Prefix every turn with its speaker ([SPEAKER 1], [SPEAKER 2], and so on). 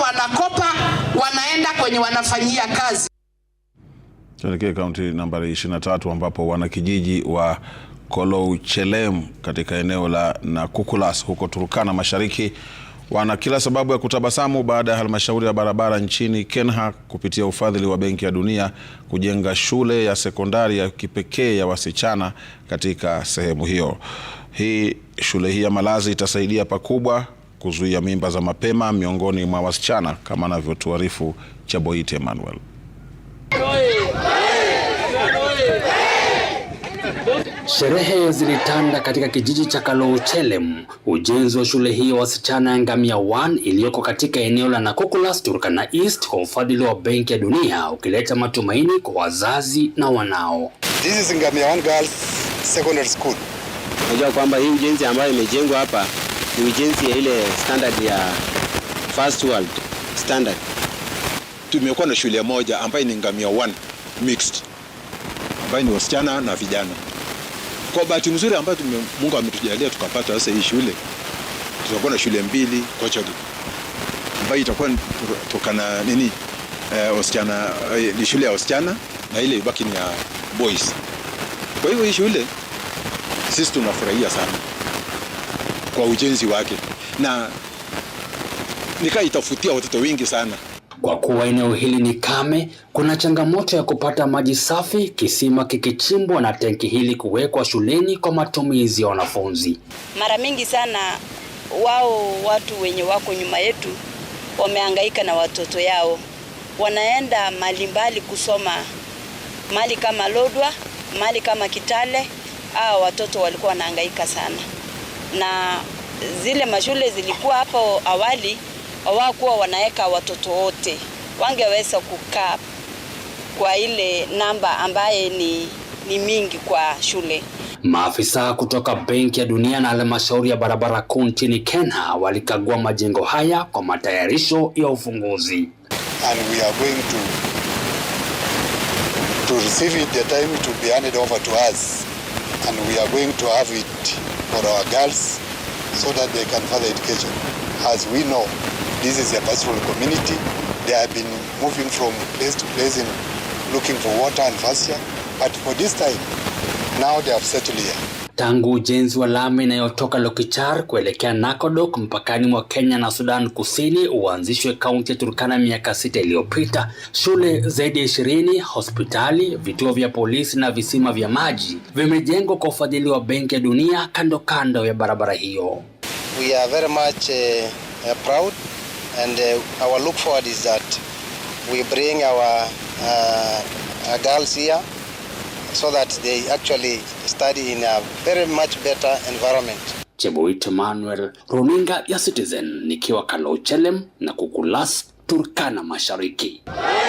[SPEAKER 1] wanaenda wanakopa, wanaenda kwenye wanafanyia kazi.
[SPEAKER 2] Tuelekee kaunti nambari 23 ambapo wanakijiji wa Kolouchelem katika eneo la Nakukulas huko Turkana Mashariki wana kila sababu ya kutabasamu baada ya halmashauri ya barabara nchini kenha kupitia ufadhili wa Benki ya Dunia kujenga shule ya sekondari ya kipekee ya wasichana katika sehemu hiyo. Hii shule hii ya malazi itasaidia pakubwa kuzuia mimba za mapema miongoni mwa wasichana kama anavyotuarifu Chaboite Emmanuel.
[SPEAKER 3] Sherehe zilitanda katika kijiji cha Kalouchelem, ujenzi wa shule hiyo wasichana ya Ngamia 1 iliyoko katika eneo la Nakokulas Turkana East kwa ufadhili wa Benki ya Dunia ukileta matumaini kwa wazazi na wanao.
[SPEAKER 4] This is Ngamia 1 Girls Secondary School.
[SPEAKER 5] Unajua kwamba hii ujenzi ambayo imejengwa hapa ni ujenzi ya ile standard ya first world standard.
[SPEAKER 6] Tumekuwa na shule moja ambayo ni Ngamia One mixed ambayo ni wasichana na vijana. Kwa bahati nzuri ambayo Mungu ametujalia tukapata sasa hii shule, tutakuwa na shule mbili Kochogo ambayo itakuwa tokana nini, eh, wasichana eh, ni shule ya wasichana na ile ibaki ni ya boys. Kwa hivyo hii shule sisi tunafurahia sana kwa ujenzi wake na nikaitafutia watoto wengi sana.
[SPEAKER 3] Kwa kuwa eneo hili ni kame, kuna changamoto ya kupata maji safi, kisima kikichimbwa na tenki hili kuwekwa shuleni kwa matumizi ya wanafunzi.
[SPEAKER 7] Mara mingi sana wao watu wenye wako nyuma yetu wameangaika na watoto yao, wanaenda mali mbali kusoma mali kama Lodwa, mali kama Kitale. Hao watoto walikuwa wanahangaika sana na zile mashule zilikuwa hapo awali hawakuwa wanaweka watoto wote, wangeweza kukaa kwa ile namba ambaye ni, ni mingi kwa shule.
[SPEAKER 3] Maafisa kutoka Benki ya Dunia na halmashauri ya barabara kuu nchini Kenya walikagua majengo haya kwa matayarisho ya ufunguzi.
[SPEAKER 8] And we are going to for our girls so that they can further education. As we know, this is a pastoral community. They have been moving from place to place in looking for water and pasture. But for this time, now they have settled here
[SPEAKER 3] tangu ujenzi wa lami inayotoka Lokichar kuelekea Nakodok mpakani mwa Kenya na Sudan Kusini uanzishwe kaunti ya Turkana miaka sita iliyopita, shule zaidi ya ishirini, hospitali, vituo vya polisi na visima vya maji vimejengwa kwa ufadhili wa Benki ya Dunia kando kando ya barabara hiyo.
[SPEAKER 9] We are very much uh, proud and uh, our look forward is that we bring our uh, girls here so that they actually study in a very much better environment.
[SPEAKER 3] Cheboito Manuel, runinga ya Citizen, nikiwa Kalochelem na Kukulas, Turkana Mashariki.